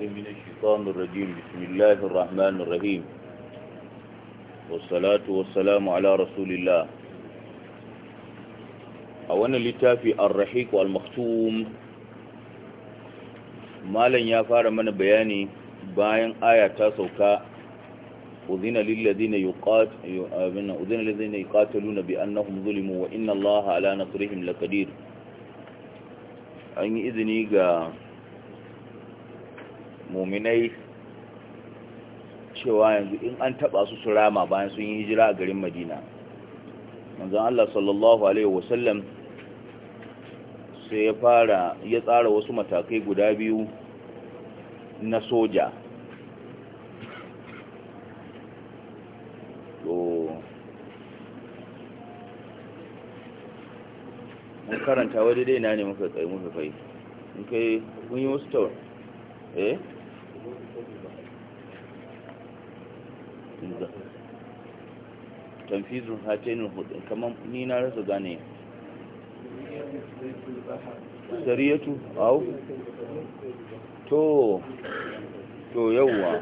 من الشيطان الرجيم بسم الله الرحمن الرحيم والصلاة والسلام على رسول الله أولا لتافي الرحيق والمختوم مالا يافار من بياني باين آية تاسوكا أذن للذين أذن للذين يقاتلون بأنهم ظلموا وإن الله على نصرهم لقدير أن إذني قال muminai cewa yanzu in an taba su su rama bayan sun yi hijira a garin madina manzon Allah sallallahu alaihi wasallam sai ya fara ya tsara wasu matakai guda biyu na soja mun karanta wadda dai na ne muka tsaye muka fai in kai kun yi wasu tawar eh tanfizun hatayin hudun kamar ni na rasa gane sariyatu au to to yawwa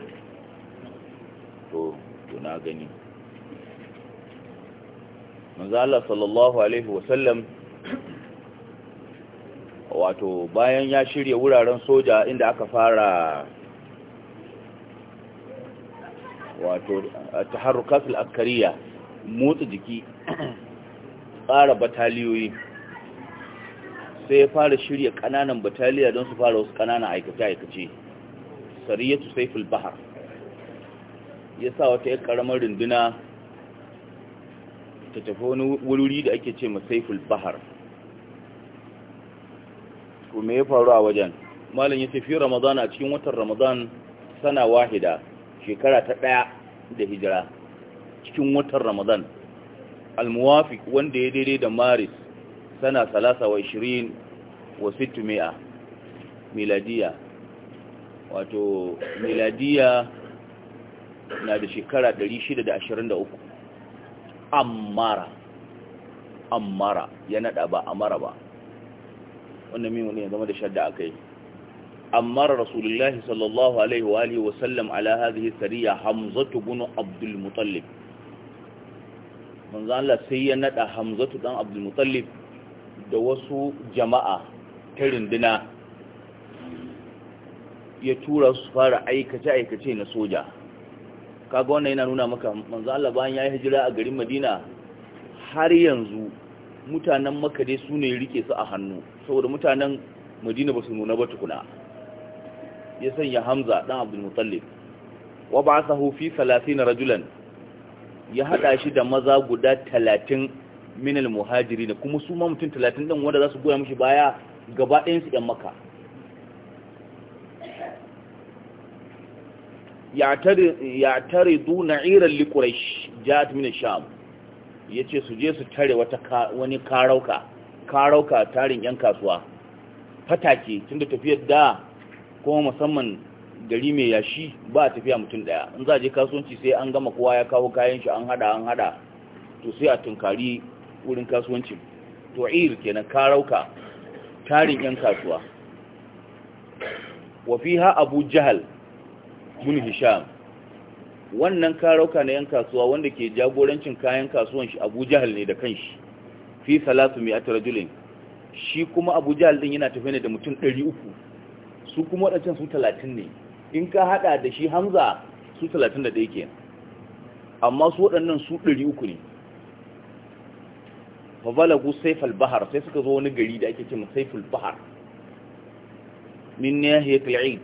to to na gani manzala sallallahu alaihi wasallam wato bayan ya shirya wuraren soja inda aka fara wato taharrukatul al'akariya motsa jiki tsara bataliyoyi sai ya fara shirya kananan bataliya don su fara wasu kananan aikace-aikace sariyatu saiful bahar ya sa wata yar karamar rinduna ta tafi wani wuri da ake ce ma saiful bahar kuma ya faru a wajen malin ya tafi ramadana a cikin watan ramadan sana wahida shekara ta ɗaya da hijira cikin watan ramadan almuwafiq wanda ya daidai da maris sana 23 wa 600 miladiya wato miladiya na da shekara 623 ammara ammara ya nada ba amara ba wannan min wani ya zama da shadda aka kai أمر رسول الله صلى الله عليه وآله وسلم على هذه السرية حمزة بن عبد المطلب من ذا الله سينة حمزة بن عبد المطلب دوسوا جماعة ترندنا يتورا سفارة أي كتا أي كتا نسوجا kaga wannan yana nuna maka manzo Allah bayan yayi hijira a garin Madina har yanzu mutanen Makare dai su rike su a hannu saboda mutanen Madina basu nuna ba tukuna ya sanya hamza dan abdul mutallib wa ba'athahu fi 30 rajulan ya hada shi da maza guda 30 min al muhajirin kuma su ma mutum 30 din wanda za su goya mishi baya gaba ɗayan su ɗan maka ya tare li quraish ja'at min sham ce su je su tare wani karauka karauka tarin yan kasuwa fatake tunda tafiyar da kuma musamman gari mai yashi ba a tafiya mutum daya in za a je kasuwanci sai an gama kowa ya kawo kayan shi an hada an hada to sai a tunkari wurin kasuwanci to ir kenan karauka tarin yan kasuwa wa fiha abu jahal mun hisham wannan rauka na yan kasuwa wanda ke jagorancin kayan kasuwan shi abu jahal ne da kanshi fi salatu mi'at rajulin shi kuma abu jahal din yana tafiya ne da mutum 300 su kuma waɗancan su talatin ne in ka haɗa da shi hamza su talatin da ɗaya ke amma su waɗannan su ɗari uku ne fabalagu saifal bahar sai suka zo wani gari da ake cin saifal bahar min nahiyatul eid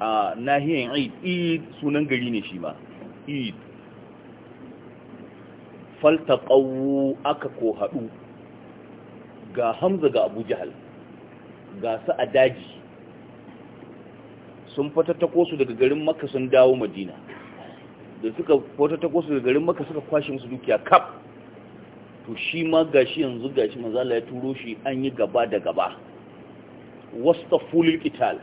a nahiyar eid Id sunan gari ne shi ma Id. falta faltaqawu aka ko haɗu ga hamza ga abu jihal ga su a daji sun fatattako su daga garin makka sun dawo madina da suka fatattako su daga garin makka suka kwashe musu dukiya kaf to shi ma gashi yanzu gashi manzala ya turo shi an yi gaba da gaba wasta fulil qital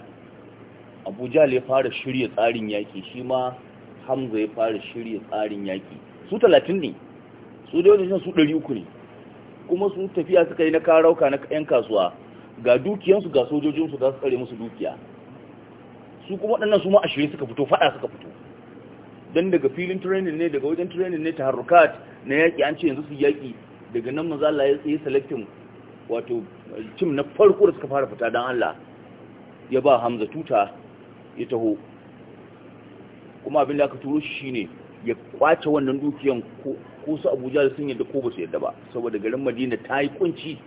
abuja ya fara shirya tsarin yaki shi ma hamza ya fara shirya tsarin yaki su 30 ne su da wajen su 300 ne kuma su tafiya suka yi na karauka na 'yan kasuwa ga dukiyansu ga sojojinsu za su tsare musu dukiya su kuma waɗannan su ma suka fito faɗa suka fito don daga filin training ne daga wajen training ne ta harukat na yaƙi an ce yanzu su yaƙi daga nan maza ya tsaye selectin wato cim na farko da suka fara fita don Allah ya ba Hamza tuta ya taho kuma abin da aka turo shi ne ya kwace wannan dukiyan ko su Abuja da sun yadda ko ba su yadda ba saboda garin Madina ta yi kunci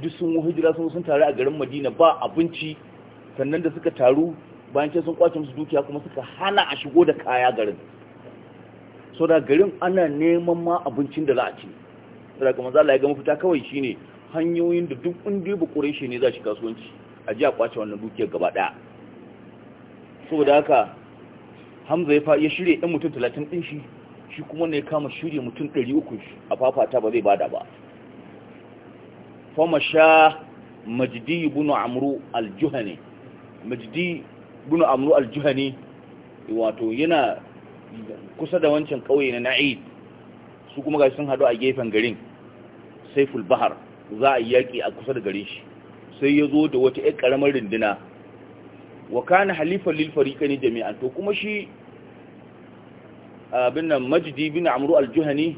duk sun hijira sun sun taru a garin Madina ba abinci sannan da suka taru bayan ce sun kwace musu dukiya kuma suka hana a shigo da kaya garin so da garin ana neman ma abincin da za a ci da kuma za ya ga mafita kawai shine hanyoyin da duk inda ya bukure shi ne za shi kasuwanci a ji a kwace wannan dukiyar gaba daya saboda haka hamza ya ya shirya yan mutum talatin din shi shi kuma ne kama shirya mutum ɗari uku a fafata ba zai bada ba fama sha majdi ibn amru al-juhani majdi bin amru al-juhani wato yana kusa da wancan kauye na na'id su kuma ga sun hadu a gefen garin saiful bahar za a yaki a kusa da garin shi sai ya zo da wata ƴar karamar rinduna wa kana halifan lil fariqaini jami'an to kuma shi abin nan majdi bin amru al-juhani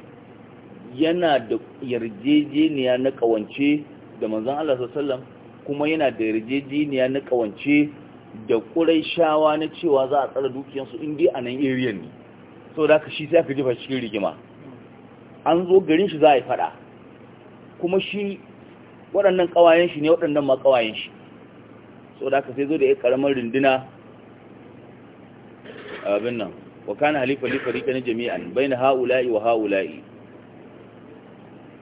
yana da yarjejeniya na kawance da manzon Allah sallallahu alaihi wasallam kuma yana da yarjejeniya na kawance da ƙurai shawa na cewa za a tsara dukiyarsu indi a nan area ne so da ka shi sai aka jefa cikin rigima an zo garin shi za a yi fada kuma shi waɗannan ƙawayen shi ne waɗannan ma ƙawayen shi so da ka sai zo da ya rindina rinduna abin nan wa kana halifa ka na jami'an Bai na haula'i wa haula'i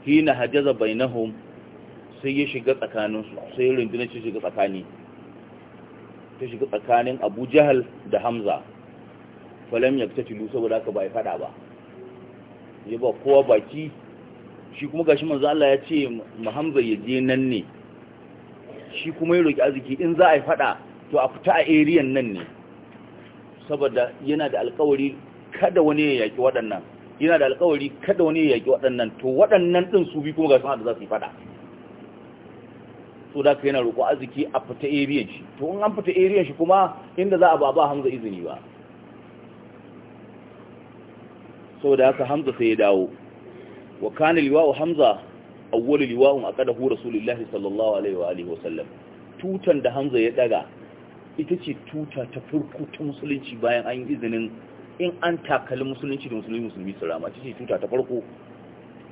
hina hajaza bainahum sai ya shiga tsakaninsu sai rindina shi shiga tsakani ta shiga tsakanin abu jahal da hamza falam ya fita saboda haka bai fada ba ya ba kowa baki shi kuma gashi manzo Allah ya ce mu hamza ya je nan ne shi kuma ya roki arziki in za a yi fada to a fita a area nan ne saboda yana da alƙawari kada wani ya yaki waɗannan yana da alƙawari kada wani ya yaki waɗannan to waɗannan din su bi kuma ga manzo Allah za su yi fada so da ka yana roƙo arziki a fita ariyan shi to in an fita ariyan shi kuma inda za a ba ba hamza izini ba so da haka hamza sai ya dawo wa kana liwa'u hamza awwalu liwa'un aqadahu rasulullahi sallallahu alaihi wa alihi wa sallam tutan da hamza ya daga ita ce tuta ta farko ta musulunci bayan an yi izinin in an takali musulunci da musulmi musulmi su rama ce tuta ta farko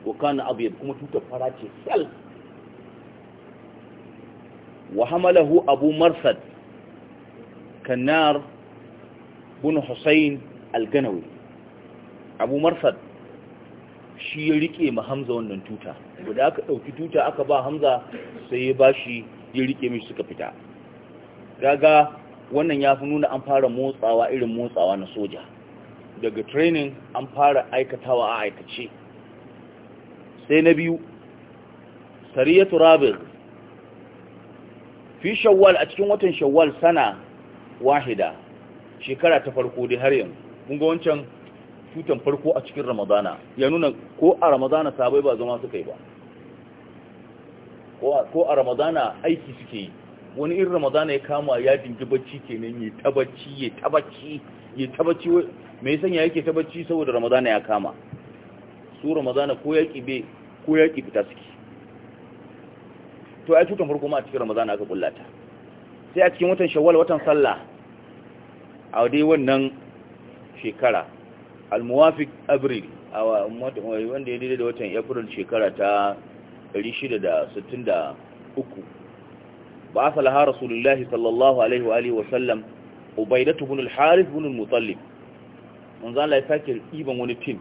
wa kana abu kuma tuta fara ce sal وحمله أبو مرثد كنار بن حسين القنوي أبو مرثد shi ya rike ma hamza wannan tuta guda aka ɗauki tuta aka ba hamza sai ya ba shi ya rike mishi suka fita gaga wannan ya fi nuna an fara motsawa irin motsawa na soja daga training an fara aikatawa a aikace sai na biyu sariyatu rabir fi shawwal a cikin watan shawwal sana wahida shekara ta farko dai har yanzu mun ga wancan tutan farko a cikin ramadana ya nuna ko a ramadana sabai ba zama suka yi ba ko a ramadana aiki suke yi wani irin ramadana ya kama ya dingi bacci kenan ya tabacci ya tabacci ya tabacci mai sanya yake tabacci saboda ramadana ya kama su ramadana ko ya be ko yaki fita suke to ai tutan farko ma a cikin ramadan aka kullata sai a cikin watan shawwal watan sallah a dai wannan shekara almuwafiq abril a wanda ya daidai da watan april shekara ta 663 ba a salaha rasulullah sallallahu alaihi wa alihi wasallam ubaidatu bin al-harith bin al-mutallib manzo la sake iban wani tim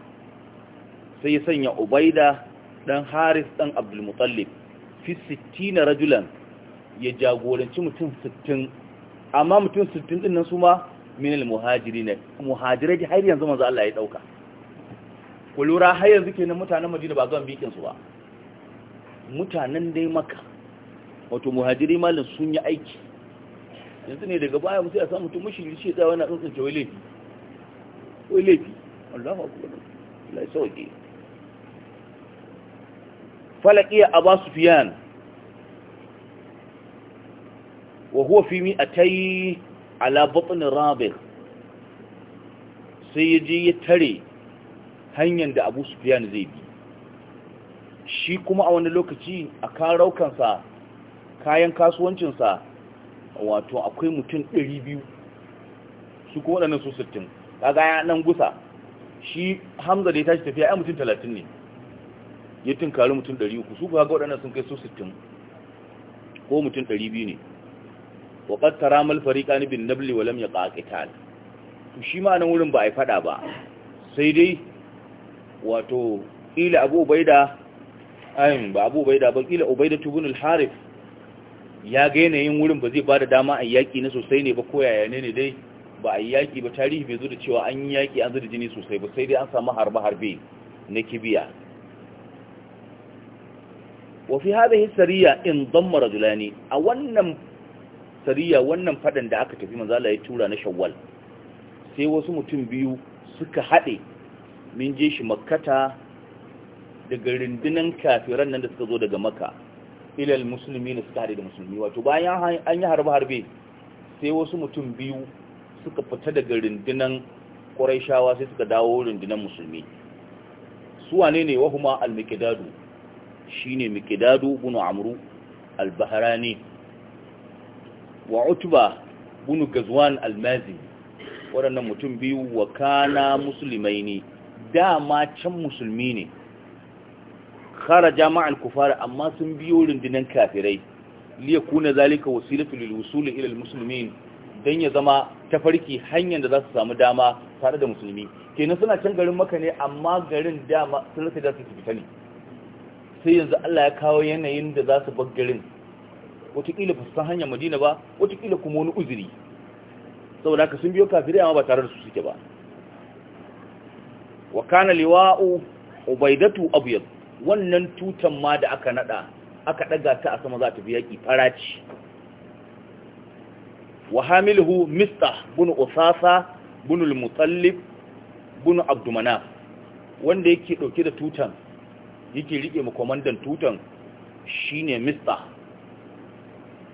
sai ya sanya ubaida dan harith dan abdul mutallib fi 60 rajulan ya jagoranci mutum 60 amma mutum 60 din nan su ma min al ne muhajirai har yanzu manzo Allah ya dauka ku lura har yanzu kenan mutanen Madina ba gan bikin su ba mutanen dai maka wato muhajiri malin sun yi aiki yanzu ne daga baya mutum ya samu mutum mushi shi ya tsaye wani tsuntsunce wai laifi wai laifi Allahu akbar Allah ya sauke falaqiya aba sufyan wa huwa fi mi a ta yi alababin rabir sai yaje ya tare hanyar da abu sufyan zai bi shi kuma a wani lokaci a karaukansa kayan kasuwancinsa wato akwai mutum 200 su kuma waɗannan su 60 kaga ya nan gusa shi hamza da ya tashi tafiya ya mutum 30 ne ya Kalu mutum 300 su ga waɗannan sun kai su 60 ko mutum 200 ne wa qad taramal fariqan bin nabli wa lam yaqa qital to shi ma nan wurin ba ai fada ba sai dai wato ila Abu Ubaida ayin ba Abu Ubaida ba ila Ubaida ibn al-Harith ya ga yanayin wurin ba zai bada dama a yaki na sosai ne ba ko yaya ne ne dai ba a yaki ba tarihi bai zo da cewa an yaki an da jini sosai ba sai dai an samu harbe-harbe na kibiya wa fi hadhihi sariya in damma rajulani a wannan sariya wannan fadan da aka tafi manzala ya tura na shawwal sai wasu mutum biyu suka hade min je shi makkata daga rindinan kafiran nan da suka zo daga makka ilal musulmi na suka haɗe da musulmi wato bayan an yi harbe harbe sai wasu mutum biyu suka fita daga rindinan ƙwarai sai suka dawo rindinan musulmi su wane ne wahuma al-miqdadu shine miqdadu ibn amru al-bahrani wa utba ibn gazwan al-mazi waɗannan mutum biyu wa kana musulmai ne dama can musulmi ne kharaja jama'an kufara amma sun biyo rundunan kafirai liya na zalika wasilatu lil wusul ila al muslimin dan ya zama tafarki hanyar da za su samu dama tare da musulmi kenan suna can garin maka ne amma garin dama sun da su fita sai yanzu Allah ya kawo yanayin da za su baggarin watakila ba su san hanyar madina ba watakila kuma wani uzuri saboda ka sun biyo kafirai amma ba tare da su suke ba wa kana liwa'u ubaidatu abyad wannan tutan ma da aka nada aka daga ta a sama za ta biya ki faraci wa hamiluhu mistah bin usasa bin al-mutallib bin abdumanaf wanda yake dauke da tutan yake rike mu kwamandan tutan shine mista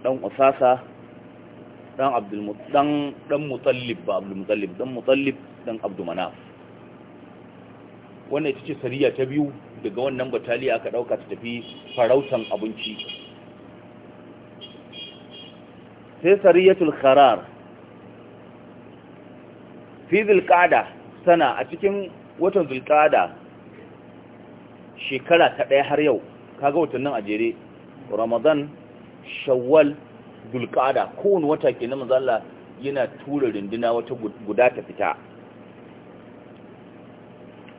dan usasa dan abdul dan dan mutallib ba abdul mutallib dan mutallib dan abdul manaf wannan ita ce sariya ta biyu daga wannan bataliya aka dauka ta tafi farautan abinci sai sariyatul kharar fi qa'da sana a cikin watan qa'da shekara ta ɗaya har yau kaga watannin a jere ramadan shawwal dulkada kowane wata ke na mazala yana tura rinduna wata guda ta fita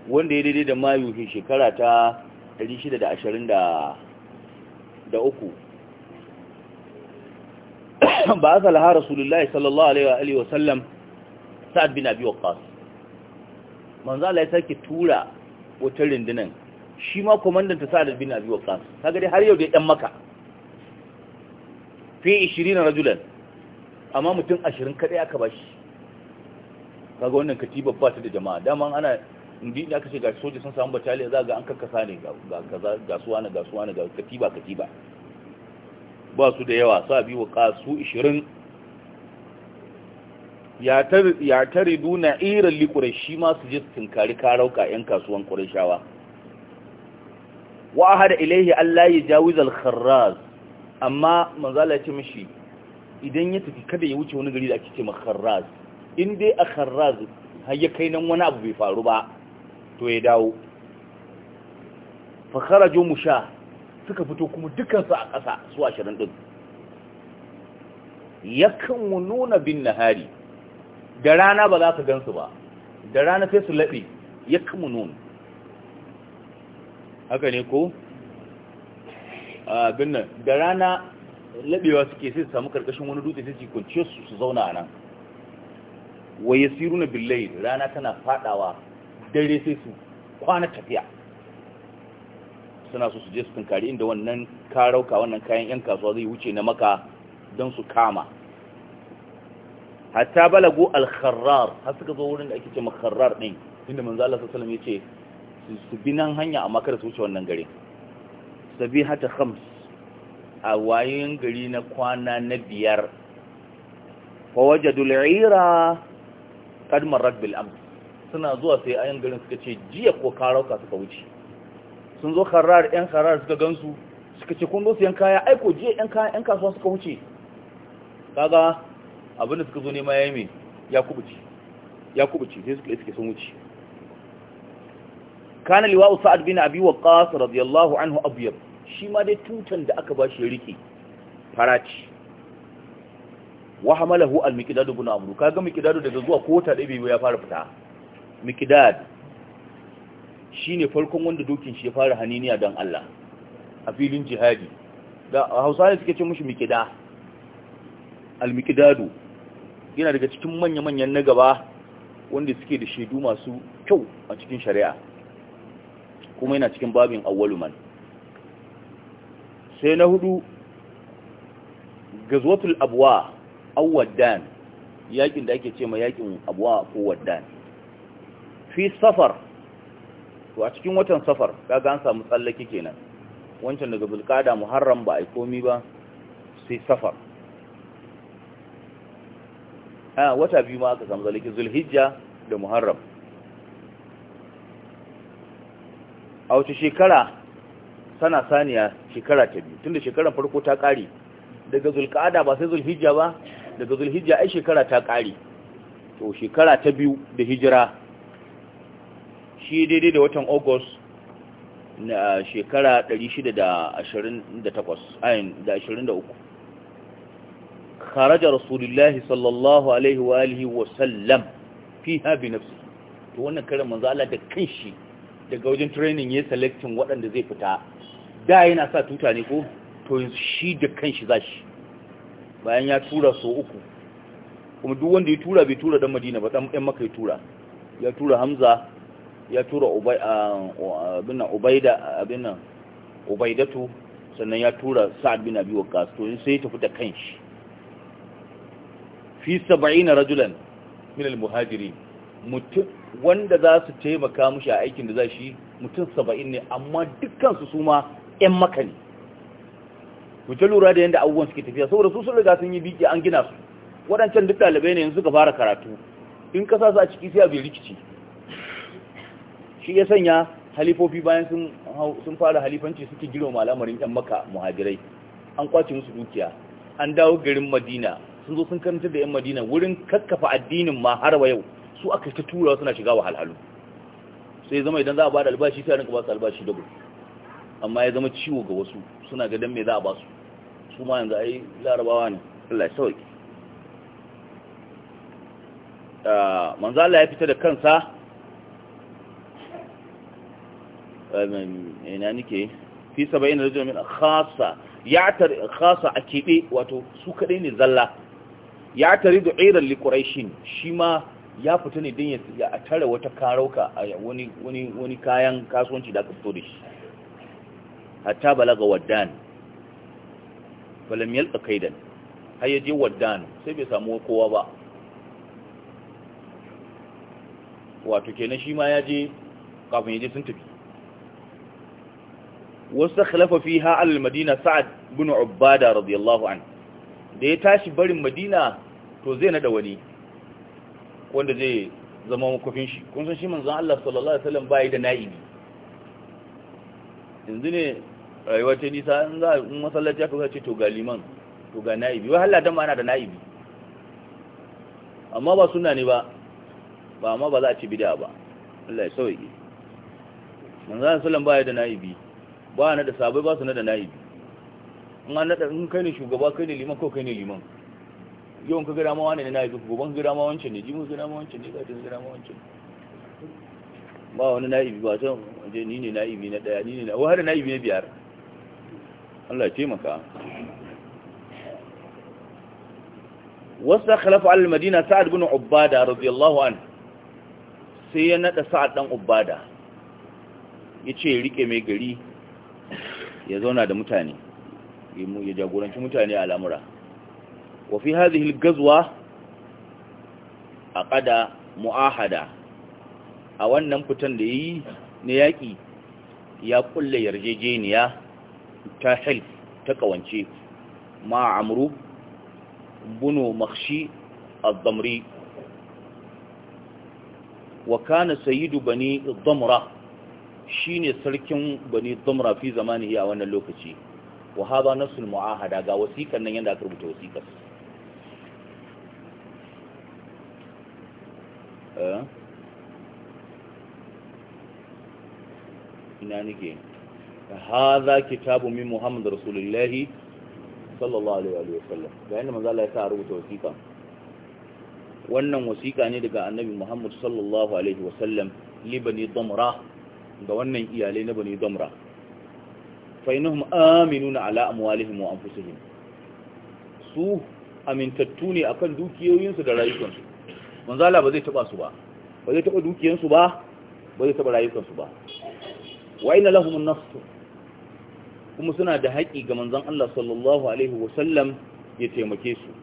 wanda ya daidai da mayu ke shekara ta 623 ba aka laha rasulullahi sallallahu alaihi wa sallam sa'ad bin abi waqqas manzo Allah ya sake tura wata rindunan shi ma komandan ta sa'ad bin abi waqas kaga dai har yau dai dan maka fi 20 rajulan amma mutum 20 kadai aka bashi kaga wannan katiba ba ta da jama'a dama ana indi da aka ce ga soja sun samu bataliya za ga an karkasa ne ga kaza ga suwa na ga suwa na ga katiba katiba ba su da yawa sa bi waqas su 20 ya tare duna irin likurai shi ma su je su tunkari karauka 'yan kasuwan ƙurashawa wa ahada ilaihi Allah ya jawiz al-kharraz amma manzala ya ce mishi idan ya tafi kada ya wuce wani gari da ake ce kharraz in dai a kharraz har ya kai nan wani abu bai faru ba to ya dawo fa kharaju musha suka fito kuma dukansu a ƙasa su 20 din yakan nuna bin nahari da rana ba za ka gansu ba da rana sai su laɓe yakan nuna haka ne ko abin nan da rana labewa suke sai su samu karkashin wani dutse sai su su su zauna a nan waye siru na billai rana tana fadawa dare sai su kwana tafiya suna so su je su tunkari inda wannan karauka wannan kayan yan kasuwa zai wuce na maka don su kama hatta balago al-kharrar har suka zo wurin da ake ce makharrar din inda manzo Allah sallallahu alaihi wasallam yace su bi nan hanya amma kada su wuce wannan gari sabi hata khams a wayoyin gari na kwana na biyar fa wajadu al'ira kad marrat bil amr suna zuwa sai ayan garin suka ce jiya ko karauka suka wuce sun zo karar yan karar suka gansu suka ce kun zo su yan kaya aiko jiya yan kaya yan kasuwa suka wuce kaga abinda suka zo nema yayi me ya kubuce ya kubuce sai suka iske sun wuce kana liwa'u sa'ad bin abi waqas radiyallahu anhu abyad shi ma dai tutan da aka bashi rike faraci wa hamalahu al-miqdad ibn amru kaga miqdad daga zuwa kota dai bai ya fara fita miqdad shine farkon wanda dokin shi ya fara haniniya dan Allah a filin jihadi da Hausawa suke ce mushi miqda al-miqdadu yana daga cikin manya-manyan na gaba wanda suke da shaidu masu kyau a cikin shari'a kuma yana cikin babin awwalu man sai na hudu gazwatul abwa awwaddan yakin da ake ce ma yakin abwa ko waddan fi safar to a cikin watan safar kaga an samu tsallake kenan wancan daga bulqada muharram ba ai komi ba sai safar a ah, wata biyu ma aka samu tsallake zulhijja da muharram a wace shekara sana saniya shekara ta biyu tunda shekaran farko ta kare daga zulƙada ba sai zulhijja ba daga zulhijja ai shekara ta kare to shekara ta biyu da hijira shi daidai da watan august na shekara 628 ayin da 23 kharaja rasulullahi sallallahu alaihi wa alihi wa sallam fiha bi nafsi to wannan karin manzo Allah da kanshi daga wajen training ya selectin waɗanda zai fita da yana sa tuta ne ko to shi da kanshi za shi bayan ya tura so uku kuma duk wanda ya tura bai tura dan madina ba dan ɗan maka ya tura ya tura hamza ya tura ubaida abinan ubaidatu sannan ya tura sa'ad bin abi waqqas to sai ya tafi da kanshi fi 70 rajulan min al-muhajirin mutum wanda za su taimaka mushi a aikin da za shi mutum saba'in ne amma dukansu su ma 'yan maka ne wuce lura da yadda abubuwan suke tafiya saboda su sun riga sun yi biki an gina su waɗancan duk ɗalibai ne yanzu suka fara karatu in ka sa su a ciki sai a bi rikici shi ya sanya halifofi bayan sun fara halifanci suke girma malamarin 'yan maka muhajirai an kwace musu dukiya an dawo garin madina sun zo sun karanta da 'yan madina wurin kakkafa addinin ma har wa yau su aka ta tura suna shiga wahalhalu sai zama idan za a ba da albashi sai a rinka ba su albashi dabu amma ya zama ciwo ga wasu suna ga dan me za a ba su su ma yanzu ai larabawa ne Allah ya sauke ah, manzo Allah ya fita da kansa ina nake fi 70 rajul min khassa ya tar khassa akibe wato su kadai ne zalla ya tare da iran likurashin shi ma ya fita ne don ya tare wata karauka a wani kayan kasuwanci da aka fito da shi hatta balaga waddan falam yalqa kaidan har waddan sai bai samu kowa ba wato kenan shi ma yaje kafin yaje sun tafi wasakhlafa fiha ha'al madina sa'ad bin ubada radiyallahu an da ya tashi barin madina to zai nada wani wanda zai zama makofin shi kun san shi manzon Allah sallallahu alaihi wasallam bai da na'ibi yanzu ne rayuwar ta nisa in za in masallaci aka ce to ga liman to ga na'ibi wai Allah dan ma ana da na'ibi amma ba sunna ne ba ba amma ba za a ci bid'a ba Allah ya sauke manzon Allah sallallahu bai da na'ibi ba na da sabai ba su na da na'ibi in an nada in kai ne shugaba kai ne liman ko kai ne liman yawan ka gada mawa ne na haifi ka gada mawa wancan ne jimin gada mawa wancan ne gajin gada mawa wancan ba wani na'ibi ba san waje ni ne na'ibi na daya ni ne na wahada na'ibi na biyar Allah ya taimaka wasu khalafa al-madina sa'ad bin ubada radiyallahu an sai ya nada sa'ad dan ubada yace rike mai gari ya zauna da mutane ya jagoranci mutane a al'amura وفي هذه a أقدى معاهدة أولا نمكتن لي نياكي ya kulle yarjejeniya ta helf ta ƙawance ma amru bunu makhshi al-damri wa kana sayyidu bani damra shine sarkin bani damra fi zamanihi a wannan lokaci wa hada nasul muahada ga wasikan nan yanda aka rubuta wasikar Eh? ina nake haza kitabu min muhammad rasulullahi sallallahu alaihi wa sallam ga yanda manzo ya sa rubuta wasiƙa wannan wasiƙa ne daga annabi muhammad sallallahu alaihi wa sallam li damra ga wannan iyalai na bani damra fa innahum aminuna ala amwalihim wa su amintattu ne akan dukiyoyinsu da rayukansu manzala ba zai taba su ba ba zai taba dukiyansu ba ba zai taba rayukansu ba wa ina lahumun nasu kuma suna da haƙi ga manzan Allah sallallahu Alaihi wasallam ya taimake su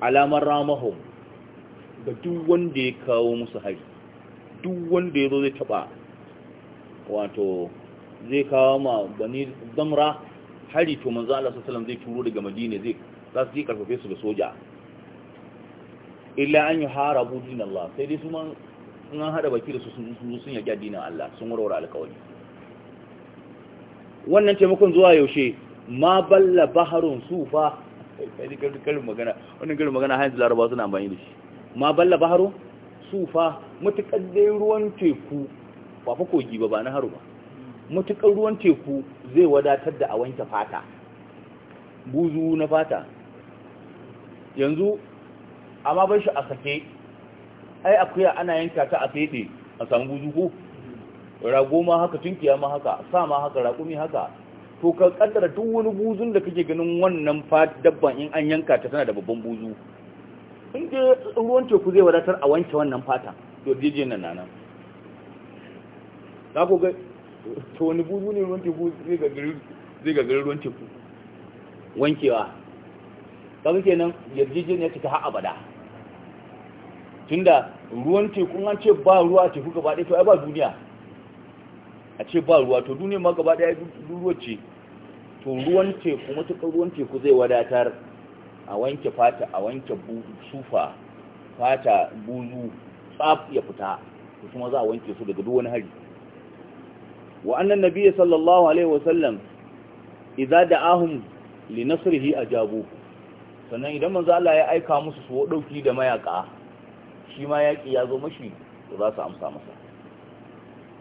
alamar ramahu ga duk wanda ya kawo musu haƙi duk wanda ya zo zai taba wato zai kawo ma bani zamra hari to manzan Allah sallallahu Alaihi wasallam zai turo daga madina zai za su yi karfafe su da soja illa an yuharabu Allah sai dai su man sun hada baki da su sun sun yaki addinin Allah sun warware alƙawari wannan taimakon zuwa yaushe ma balla baharun sufa sai karin magana wannan karin magana hayin laraba suna amfani da shi ma balla baharun sufa matuƙar dai ruwan teku ba fa kogi ba ba na haru ba mutukar ruwan teku zai wadatar da a wanke fata buzu na fata yanzu amma bai shi a sake ai akuya ana yanka ta a fede a samu buzu ko rago ma haka tunkiya ma haka sa ma haka raƙumi haka to ka kaddara duk wani buzun da kake ganin wannan dabban in an yanka ta tana da babban buzu in dai ruwan teku zai wadatar a wanke wannan fata to jeje nan nan za ku ga to wani buzu ne ruwan teku zai gagari ruwan teku wankewa kaga kenan yarjejeniya ta har abada tunda ruwan teku an ce ba ruwa teku gaba ɗaya to ai ba duniya a ce ba ruwa to duniya ma gaba ɗaya ruwa ce to ruwan teku matuƙar ruwan teku zai wadatar a wanke fata a wanke sufa fata buzu tsaf ya fita kuma za a wanke su daga duk wani hari wa annan nabiyyi sallallahu alaihi wasallam idza da'ahum li nasrihi ajabu sannan idan manzo Allah ya aika musu su dauki da mayaka shi ma yaƙi ya zo mashi da za su amsa masa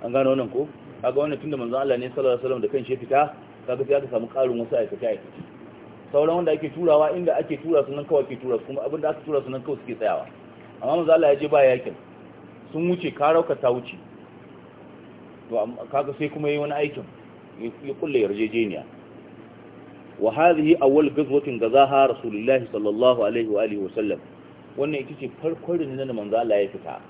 an gano nan ko kaga wannan tunda manzon Allah ne sallallahu alaihi wasallam da kanshi ya fita kaga sai aka samu ƙarin wasu aikata aikata sauran wanda ake turawa inda ake tura su nan kawai ke tura su kuma abin da aka tura su nan kawai suke tsayawa amma manzon Allah ya je ba yakin sun wuce karauka ta wuce to kaga sai kuma yayi wani aikin ya kulle yarjejeniya wa hadhihi awwal ghazwatin gazaha rasulullahi sallallahu alaihi wa alihi wa sallam wannan ita ce farkon da manzo Allah ya fita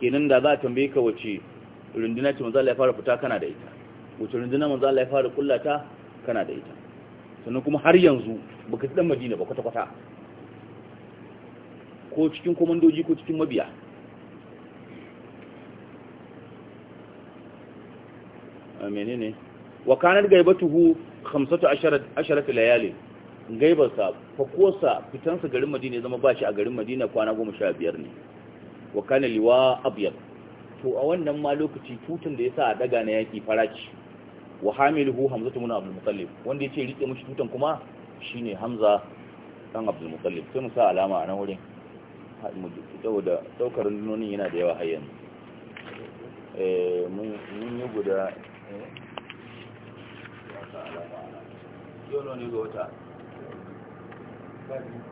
kenan da za a tambaye ka wace runduna ce manzo Allah ya fara fita kana da ita wace runduna manzo Allah ya fara kullata kana da ita sannan kuma har yanzu baka ci Madina ba kwata kwata ko cikin komandoji ko cikin mabiya a menene wa kanar gaibatuhu 15 asharat layalin gaibarsa fakosa fitansa garin madina ya zama ba shi a garin madina kwana goma sha biyar ne wa liwa abiyar to a wannan ma lokaci tutun da ya sa a daga na yaki faraci wa hamza ta muna abdul mutallib wanda ya ce rike mashi tutun kuma shine hamza kan abdul mutallib sai mu sa alama a nan wurin saboda daukar rundunonin yana da yawa eh, mun yi guda eh? yau ne ga wata Thank you.